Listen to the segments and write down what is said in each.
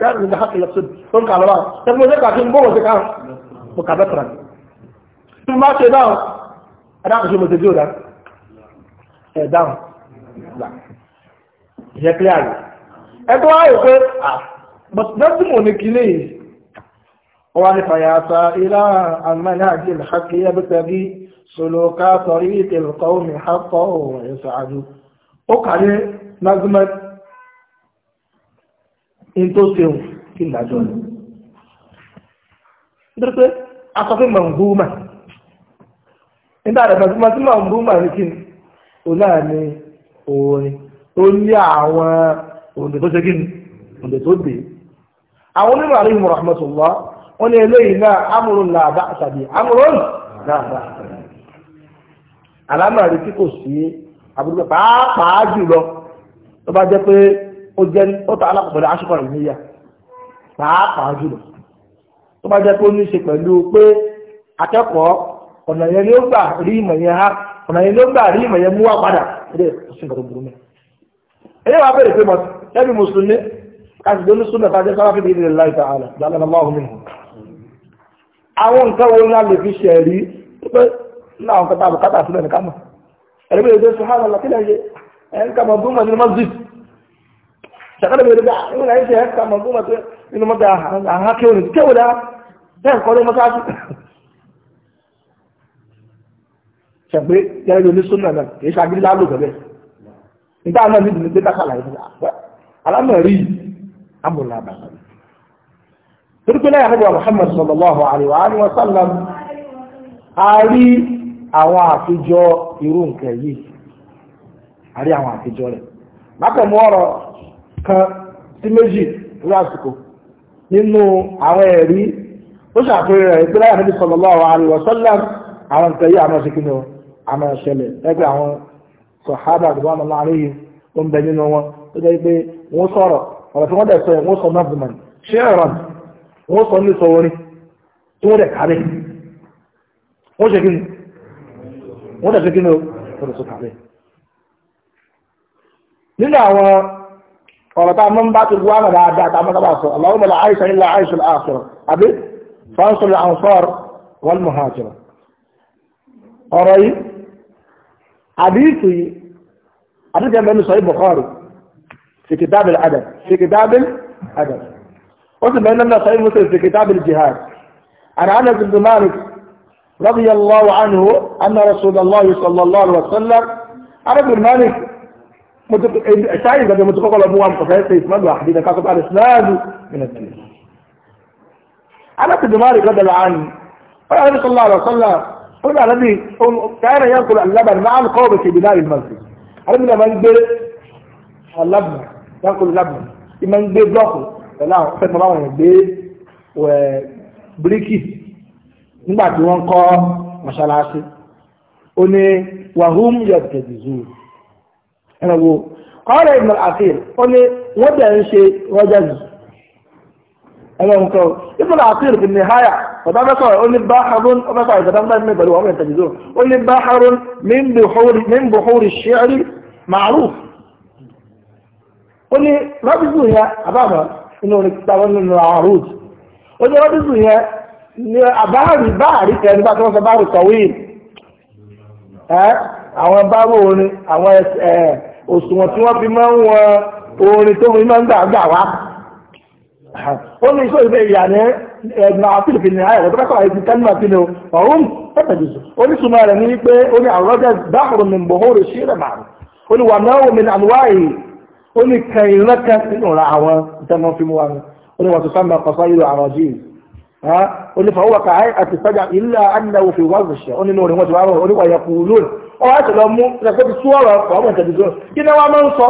يعني ده حق للصدق تنقع على بعض طب ما ذكر عشان جوه ذكر مكعبات رجل ثم ما شيء داون انا اخشى ما تجيو ده داون لا هي كلاي اكو هاي بس نفسي مو نكلي وعن فياسا إلى عن منهج الحق يبتغي سلوك طريق القوم حقه ويسعد وقال نظمت in tó ṣeun kí ìdájọ́ rẹ̀ nítorí pé a sọ pé mọ̀nbúmà nígbà rẹ̀ mọ̀nbúmà tí mọ̀nbúmà ní ni orin tó ní ni òǹdè tó dé àwọn onímọ̀ àríyìn rahmatullah wọn ní eléyìí na aba làbá àṣàbí amúrún làbá àṣàbí ó jẹ́ ó ta alákọ̀ọ́bẹ̀rẹ̀ aṣọ́kọ̀ rẹ̀ níyà pàápàá jùlọ tó bá jẹ́ pé ó ní ṣe pẹ̀lú pé akẹ́kọ̀ọ́ ọ̀nà yẹn ló gbà rí ìmọ̀ yẹn ha ọ̀nà yẹn ló gbà rí ìmọ̀ yẹn mú wá padà ilé ìsìn kan tó burú mẹ́. ẹ̀yẹ́ wàá bẹ̀rẹ̀ pé mọ̀tí ẹ̀mí mùsùlùmí káṣí ló ní a lè fi ṣe sàkàlẹ̀ bẹ̀rẹ̀ bá ìwọ̀n náà ṣe ẹ̀ka mọ̀ fún mọ̀tò nínú mọ́tò àhákẹ́ òní kéwò dá bẹ́ẹ̀ kọ́ ló mọ́sáàtì. ṣàgbé yẹn lóní súnà náà kì í ni lálò bẹ̀rẹ̀ nígbà náà níbi nígbà tá kàlàyé fún wa alámọ̀rí amúlá bàbá mi. torí pé náà yàtọ̀ Muhammad sallallahu alaihi wa sallam a àwọn àfijọ́ irú nǹkan yìí a rí àwọn àfijọ́ rẹ̀ mákàmú ọ̀rọ̀ kan sí méjì ní àsìkò nínú àwọn ẹ̀rí ó ṣàfihàn rẹ̀ pé láyà níbi sallallahu alaihi wasallam àwọn nǹkan yìí àmọ́ sí kíni o àmọ́ ṣẹlẹ̀ ẹgbẹ́ àwọn sọ̀hábà àdúgbò àmọ́ láàrin yìí ó ń bẹ nínú wọn ó jẹ́ قالت من بات الوانا لا عدات عمد باسه اللهم لا عايش إلا عايش الآخرة أبي فانصر الأنصار والمهاجرة أرأي حديثي حديث يمن صحيح بخاري في كتاب الأدب في كتاب الأدب وسمى أننا صحيح مسلم في كتاب الجهاد عن أنس بن مالك رضي الله عنه أن رسول الله صلى الله عليه وسلم عن أبو مالك ṣáyìn gbàgbé mo ti kọ́kọ́ lọ mú wa mọ̀ fẹ́ ṣe ìsìmọ́lù àdínà ká sọ́kọ́ àdìsíláàlù mìnàtì. alábìdì máa rí gbọ́dọ̀ láàánú ó yà lọ́dún sọ́lá àlọ́sọ́lá ó yà lọ́dún káyọ̀ yẹn kúrò alábà ní máa ń kọ́ òbèsè ìbí láàrin màsí. alábìdì máa ń gbé alábù yẹn kúrò lábù ì máa ń gbé blọ́ọ̀kù pẹ̀lú àwọn fẹ́ máa wọ̀nyẹn gbé bíríkì nígbà tí wọ́n kọ́ mọ́ṣáláṣí. ó ní wàhùn yẹ̀ tẹ̀dí zuu ẹ̀rọ̀wò ọ̀rẹ́ ìgbà àfihàn ó ní wọ́n bẹ̀ ń ṣe rọ́jà jù ẹ̀rọ nǹkan àfihàn kì ní háyà ọ̀dà bẹ́ẹ̀ sọ̀rọ̀ ó ní báharun ọ̀dà sọ̀rọ̀ ìgbà dáńgbà mi pẹ̀lú ọmọ ìtàjì zoro ó ní báharun min buhuri shi'ri ma'ruf ó ní rọ́bìsù yẹn àbámọ̀ inú orin táwọn nínú àrùd ó ní rọ́bìsù yẹn ní àbáhàrì báàrí tí wọ́n sọ àwọn àwọn òṣùwọ̀n tí wọ́n fi máa ń orin tó fi máa ń gbàgbà wá ó ní iṣẹ́ ìyà ní tó sí ni ọ̀hún pẹ̀tẹ̀jù oníṣùmọ̀ rẹ̀ ní wípé ó ní àrọ́jẹ́ báhùrù mi bòhóró sí rẹ̀ màrù ó ní wà náà omi ní àlùwá ó ní kan ìran nínú ra àwọn ìtẹ́mọ́ ọwọ́ àti lọ mú ẹ̀kọ́ ti tú ọ̀rọ̀ ọkọ̀ ọmọ ìtẹ̀bí tó kí ni wọ́n máa ń sọ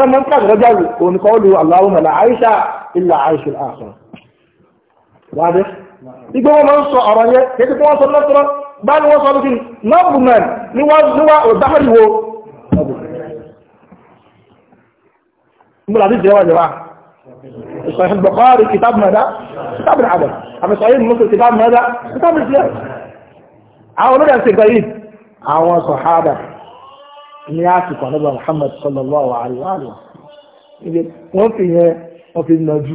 ẹ máa ń pàṣẹ lọ́jà rẹ̀ òun kọ́ lu Allahumma la Aisha illa Aisha al-akhirah. wáde igbó wọn máa ń sọ ọ̀rọ̀ yẹn kí ni wọ́n sọ lọ́sọ̀rọ̀ báyìí wọ́n sọ lókè nọ́ọ̀bùmẹ̀n ni wọ́n ní wá òdáhàrì wo. múlàdí jẹ́ wà jẹ́ wà صحيح البخاري كتاب ماذا؟ كتاب العدل أما صحيح مسلم كتاب ماذا؟ كتاب الزيادة عاولوا أن تقيد àwọn sọ̀hábà ní àsìkò ànábà Muhammad sallallahu alaihi wa sallam wọ́n fi yẹn wọ́n fi nàjú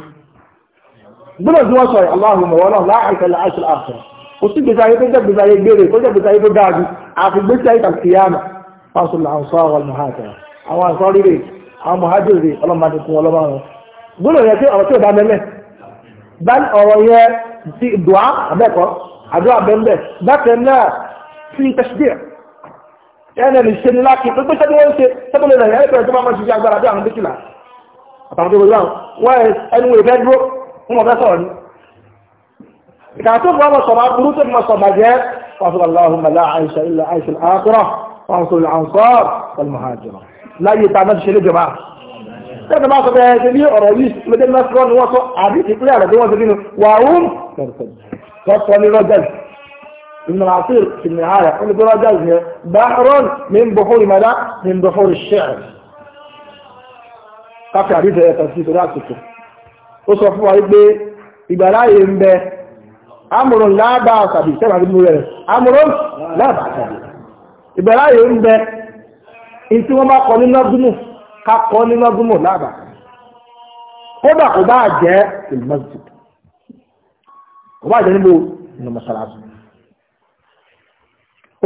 gbọ́dọ̀ tí wọ́n sọ̀rọ̀ aláhùnmọ̀ wọn náà láàrín láàrín àṣà kò sí gbèsè ayé tó jẹ́ gbèsè ayé gbére tó jẹ́ gbèsè ayé tó dáa ju àti gbèsè ayé tàkìyàmà fásul àǹsọ́ àwọn mọ̀hájà àwọn àǹsọ́ rírè àwọn mọ̀hájà rè ọlọ́mọdé kún ọlọ́mọ wọn gbọ́dọ̀ yẹ kí ọ̀rọ̀ tí ò bá mẹ́lẹ̀ bá ọ̀rọ̀ yẹ ti dùá abẹ́kọ̀ àdúrà bẹ́ńbẹ́ bákan náà fi tẹ̀sídẹ̀ẹ́ ẹ̀rẹ́ lè ṣe ní láti pípé tẹ́lẹ̀ wọ́n ṣe tẹ́lẹ̀ rẹ̀ ẹ̀rẹ́ pẹ̀lú tó máa ṣiṣẹ́ agbára bí àwọn méjìlá àtàwọn tó gbogbo wọn ẹnu ìfẹ́ dúró fún ọ̀fẹ́ sọ̀rọ̀ ni ìkàtó fún ọmọ sọ̀rọ̀ aburú tó mọ̀ sọ̀rọ̀ jẹ́ wàsùlọ́hùn mẹ́lá àìṣà ilẹ̀ àìṣà àkúrọ̀ wàsùlọ́ àǹsọ́ pẹ̀lúmọ̀hájọ́ láyé ta mẹ́sì ṣẹlẹ̀ jọba tẹ́lẹ̀ máa sọ bẹ́ẹ̀ ṣe ní ọ̀rọ̀ yìí lóde mẹ́sì rọ́ ابن العصير في النهاية يقول برجل بحر من بحور ماذا؟ من بحور الشعر káfí àríjẹ ẹ̀tàn sí ìtòdá àtìkò ó sọ fún wa wípé ìgbàláyé ń bẹ amúrùn láàbà àtàbí sẹ́bà nínú rẹ̀ amúrùn láàbà àtàbí ìgbàláyé ń bẹ in tí wọ́n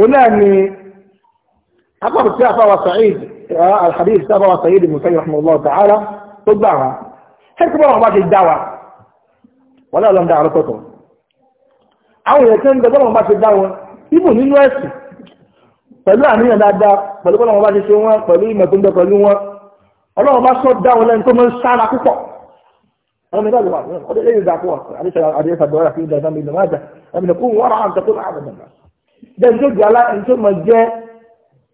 náà ni akọ̀rọ̀ tí afáwa Sa'id alhadith tí afáwa Sa'id musayi rahmanulah ta'ala tó gbà wá ẹ̀kọ́ bá wọn bá ti dá wa wọ́n lọ́ọ́ lọ́mọdé àrùkọ̀tọ̀ àwọn èèyàn tẹ́ ń gbẹ́ bọ́lá wọn bá ti dá wọn ibù nínú ẹ̀sìn pẹ̀lú àníyàn dáadáa pẹ̀lú bọ́lá wọn bá ti ṣe wọn pẹ̀lú ìmọ̀ tó ń bẹ pẹ̀lú wọn ọlọ́run bá sọ dá wọn lẹ́nu tó máa ń sára púpọ̀ أنا من هذا واحد أنا ليه ذاك واحد عليه عليه فدوار في ذا ذنب إنه ماذا أنا من أكون ورعا أن تكون أعظم الناس jẹ́ ní tó jẹ́ alá ẹni tó mọ̀ jẹ́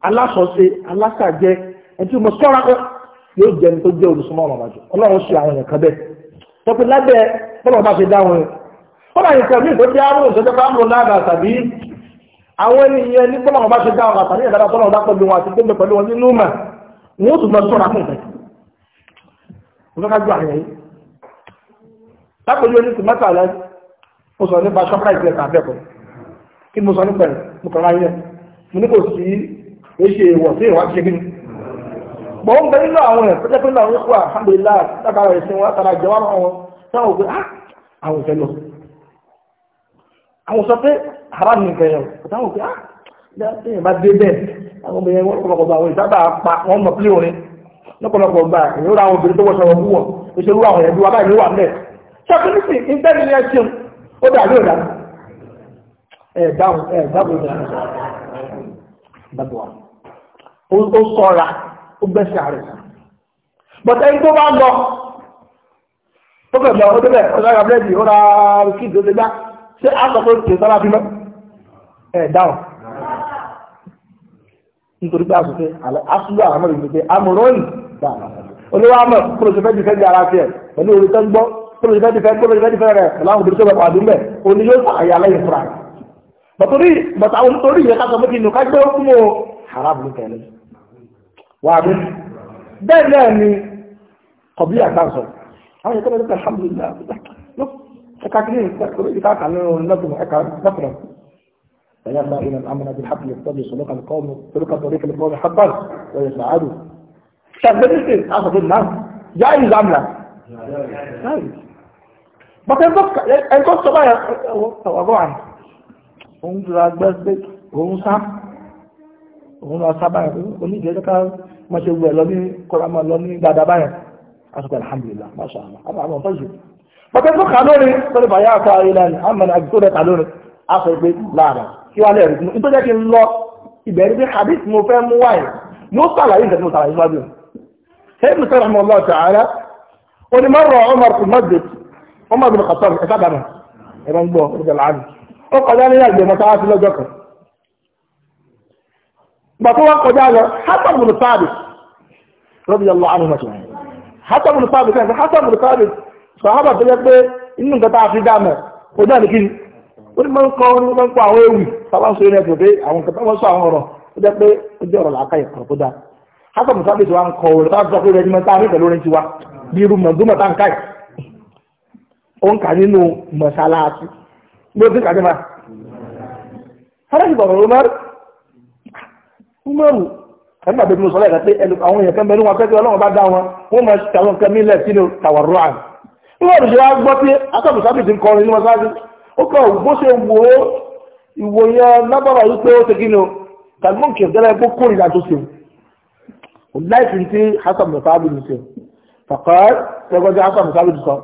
alásọ̀ọ́sẹ alásàjẹ́ ẹni tó mọ̀ sọ́ra kọ́ yóò jẹ́ ní tó jẹ́ olùsọmọ́ ọ̀rọ̀ àjọ ọlọ́run ṣe àwọn ẹ̀kan bẹ́ẹ̀ tọ́pẹ́ lábẹ́ bọ́lá bá ṣe dáhùn ẹ̀ bọ́lá ìkẹ́ mi tó jẹ́ àrùn tó jẹ́ pàmò náà tàbí àwọn ènìyàn ní bọ́lá bá ṣe dáhùn àtàrí ìdára bọ́lá bá pẹ̀lú wọn àti gbẹ́mẹ pẹ̀lú wọn nínú mà wọ́n tún mọ sọ́ra fún ìfẹ́ lápẹ̀lú oníṣẹ́ mẹ́ta lẹ́ mo sọ nípa shoprite lẹ́ka abẹ́kọ̀ọ́ kí mo sọ nípa ẹ̀ mo kàn láyé mo ní kò sí eṣe ìwọ̀ sí ìwà ṣe gíní bọ̀ ń bẹ nínú àwọn ẹ̀ pẹ́jẹ́ pé náà wípé àhàbìlá látara ẹ̀sìn wọn látara ìjọba náà wọn sáwọn òpin ah àwọn ìfẹ́ lọ àwọn sọ pé haram ní ìfẹ́ yẹn àtàwọn òpin ah bí ẹ̀ bá dé bẹ́ẹ̀ àwọn obìnrin wọn lọ́pọ̀lọpọ̀ bá àwọn ìsábà pa wọn mọ̀ pílé orin lọ́pọ̀lọpọ̀ bá ìrora àwọn obìnrin tó wọ́n sọ̀rọ̀ wúwọ̀ ìṣerú àwọn ẹ̀dùn wa báyìí wà mẹ́ẹ̀ sọ pé nísìnyí ní ẹ̀ dáhùn ẹ̀ dábòó ní àná dábòó ó sọ́ra ó gbẹ́sẹ̀ ààrẹ bọ̀tẹ́ yìí tó bá lọ ó fẹ̀ lọ ó débẹ̀ ó dára búrẹ́dì ó ra kí ìdílé gbá ṣé a sọ pé kì í sára bímọ ẹ̀ dáhùn nítorí pé àṣùfé àṣùlù àmọ́ ìlú pé amòròyìn gbà olówó àmọ́ kúròṣèfẹ́ ti fẹ́ di ara tiẹ̀ pẹ̀lú orí tó ń gbọ́ kúròṣèfẹ́ ti fẹ́ kúròṣèfẹ́ ti fẹ́ rẹ̀ pẹ̀lú àwọn obìnrin tó bẹ̀ pàdé mẹ́ òní yóò fà àyà fúra rẹ̀ bàtòrí bàtàwọn nítorí ìyẹn káṣọ méjì nù kájọ fún o haram ló tẹ̀lé wà á dún bẹ́ẹ̀ náà ni kọ̀bí àtàǹsọ̀ àwọn yẹn tẹ́lẹ̀ nípa alhamdulillah ẹ̀ka kiri ìka kan ní ọ̀run lọ́tùn ẹ̀ka lọ́tùn فيسعى إلى الأمر بالحق يقتضي سلوك القوم سلوك طريق القوم حقا ويساعده شغلتي أخذ الناس جائز أم لا؟ جائز بس القصة بقى وضعا òun jura gbẹ́gbẹ́ òun sá òun lọ sá báyìí oníjẹ́ ká mọ́ ṣe wẹ̀ lọ ní kọ́ra mọ́ lọ ní dáadáa báyìí asọ́kọ̀ alhamdulillah masha Allah àwọn àwọn fọ́jú pàtẹ́ tó kà lórí pẹ̀lú bàyá àkọ́ ilẹ̀ ni a mọ̀nà àgbẹ̀ tó dẹ̀ta lórí a sọ pé láàrá kí wá lẹ́rìí fún nítorí kí n lọ ìbẹ̀rẹ̀ bí hadith mo fẹ́ mú wáyé ni ó sàlàyé nǹkan tí sàlàyé wájú ṣéèkì sọ̀rọ̀ mọ́ lọ́ọ̀ tààrà onímọ̀rọ̀ Umar kùmọ́dé Umar bin Khattab ẹ̀ka dànù ẹ̀rọ ń gbọ́ ọ̀rọ̀ ó kọjá ní àgbẹ̀ mọ́ta sí lọ́jọ́ kan gbà tó wọ́n kọjá lọ Hasan bin Sabit radiyallahu anhu mọ̀tún Hasan bin Sabit kẹ́kẹ́ Hasan bin Sabit sọ̀hábà tó yẹ pé inú nǹkan tá a fi dáàmẹ̀ ó dá ní kíni ó ní máa ń kọ́ ní máa ń kọ́ àwọn ewì sábà ń sọ ilé ẹ̀sìn pé àwọn nǹkan tó wọ́n gbogbo ìkàjẹ́ máa fọ́nà ìbọ̀rọ̀ Umar Umaru ẹgbẹ́ àbẹ̀bí mo sọ́lá ìgbàtẹ́ ẹnu àwọn èèyàn kan bẹ̀rù wọn pẹ́kẹ́ ọlọ́run bá dá wọn wọ́n máa ṣe àwọn nǹkan mílẹ̀ sínú tàwàrọ̀ àn Umaru ṣe wá gbọ́ pé akọ́bù sábìtì ń kọrin ní mọ́sáàsì ó kọ́ bó ṣe wo ìwòye lábàbà yìí pé ó ti kí ni o tàbí mọ́ǹkì ọ̀gẹ́rẹ́ ẹgbẹ́ kórìíra tó ṣe o láìsí ti Hasan mọ̀sáàbì ní ṣe fàkọ́ ẹgbẹ́ Hasan mọ̀sáàbì ti sọ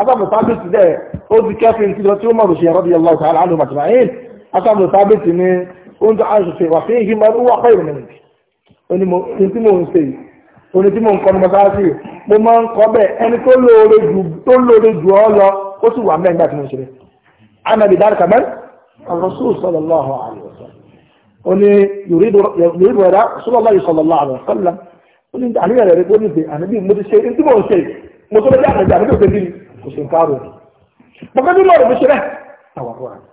asábò sábẹ́sì dẹ̀ ó ti kẹ́fìn tí lọ tí ó mọ̀rù ṣe radiyallahu ta'ala anhu màtìmáyìn asábò sábẹ́sì ni ó ń tó aṣọ ṣe wà fún ìhìn máa ń wà pẹ́ ìrìn nìyí oní tí mò ń ṣe oní tí mò ń kọ́ ó sì wà mẹ́rin láti mú ṣe anabi dar kamal rasul sallallahu alayhi wa sallam oni yuridu yuridu ra sallallahu alayhi wa sallam oni àníyàn rẹ̀ kó ní ṣe ànábì mo ti ṣe ní tí mò ń ṣe mo tó bẹ́ẹ̀ àtẹ̀jẹ́ àbí tó ṣe bí kò sí nǹkan àrò bọ́kẹ́ bí lọ́rọ̀ ló ṣe bẹ́ẹ̀ tàwọn àrò àrò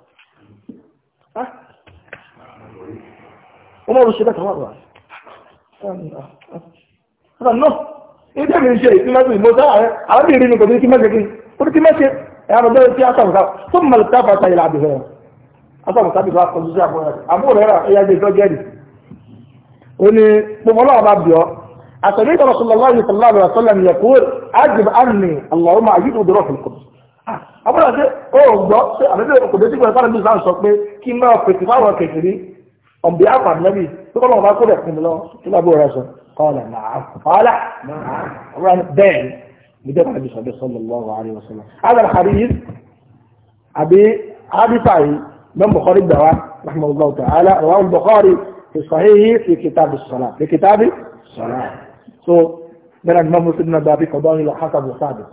ah. wọ́n lọ́rọ̀ ṣe bẹ́ẹ̀ tàwọn àrò àrò náà ilé mi ah, ah. ń ṣe ìtìmọ́sí ìmọ̀ta arábìnrin ni kò ní kí mẹ́sẹ̀ kí ní kí mẹ́sẹ̀ ẹ̀yà lọ́jọ́ tí a sọ̀rọ̀ tó mọ̀ tá fà sáyé láti rẹ̀ asọ̀rọ̀ sábì bá kọjú sí àbúrò rẹ̀ àbúrò rẹ̀ ẹ̀yà gbé ìtọ́jú ẹ̀rì ó ní gbogbo ọlọ́wọ́ bá bì ọ́ àtẹ̀lé ìtọ́rọ̀ sọ̀rọ̀ lọ́wọ́ yìí sọ̀rọ̀ lọ́wọ́ sọ̀rọ̀ yẹ ajib anni allahumma ajib udoro fi kudus ah, abúlé ṣe ó gbọ́ ṣe àbẹ́bẹ́ òkùnrin tí wọ́n sáré bí sáà sọ pé kí n máa fètè fáwọn kẹfìrí ọ̀bí àpà nẹ́bí tó kọ́ lọ́wọ́ bá kó rẹ̀ fún mi lọ tó lábẹ́ òrẹ́ sọ kọ́ọ̀lẹ̀ náà fàálà ọ̀rọ̀ bẹ́ẹ̀ ni jẹ́ pàdé sọ̀dọ̀ sọ́lọ̀ lọ́wọ́ àárín wọn sọ́lọ̀ adal hadith àbí hadita yìí mẹ́m so bẹ́ẹ̀ ni mọ́mú sínú dàbí fọ̀dọ́rin lọ hasan bin sáàbì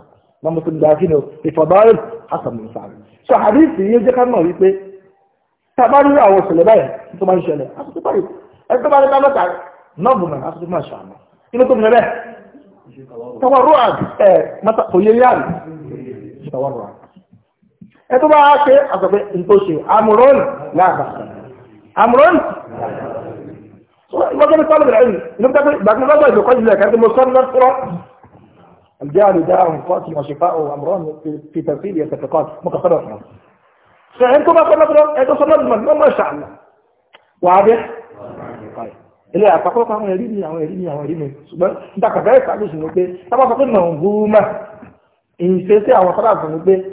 mọ́mú sínú dàbí nù ìfọ̀dọ́rin hasan bin sáàbì so àdìsí yìí jẹ́ ká mọ̀ wípé tàbá nínú àwọn ìṣẹ̀lẹ̀ báyìí tó máa ń ṣẹlẹ̀ àtúntò báyìí ẹni tó bá ní tábàtà nọ́ọ̀bù mọ̀ àtúntò máa ṣàmù inú tó mìíràn bẹ́ẹ̀ tọwọ́ rúwà ẹ̀ mọ́tà kò yẹ yáàrì tọwọ́ rúwà ẹ tó bá ṣe àtọ̀pẹ́ nítòsí àmúrọ́ọ̀nì láàbà àmúrọ́ọ̀nì مجال طالب العلم بعد ما بدأ يقول لك هذا مصنف قرآن الجهل داء قاتل وشفاء وامران في تمثيل يتفقان متصرف فانتم ما صنفنا انتم صنفنا ما شاء الله واضح؟ طيب ilé àpapọ̀ àwọn ẹ̀rí ni àwọn ẹ̀rí ni àwọn ẹ̀rí ni ṣùgbọ́n nígbà kàfẹ́ ìpàdé ìṣòro pé tábà sọ pé nàngúrúmà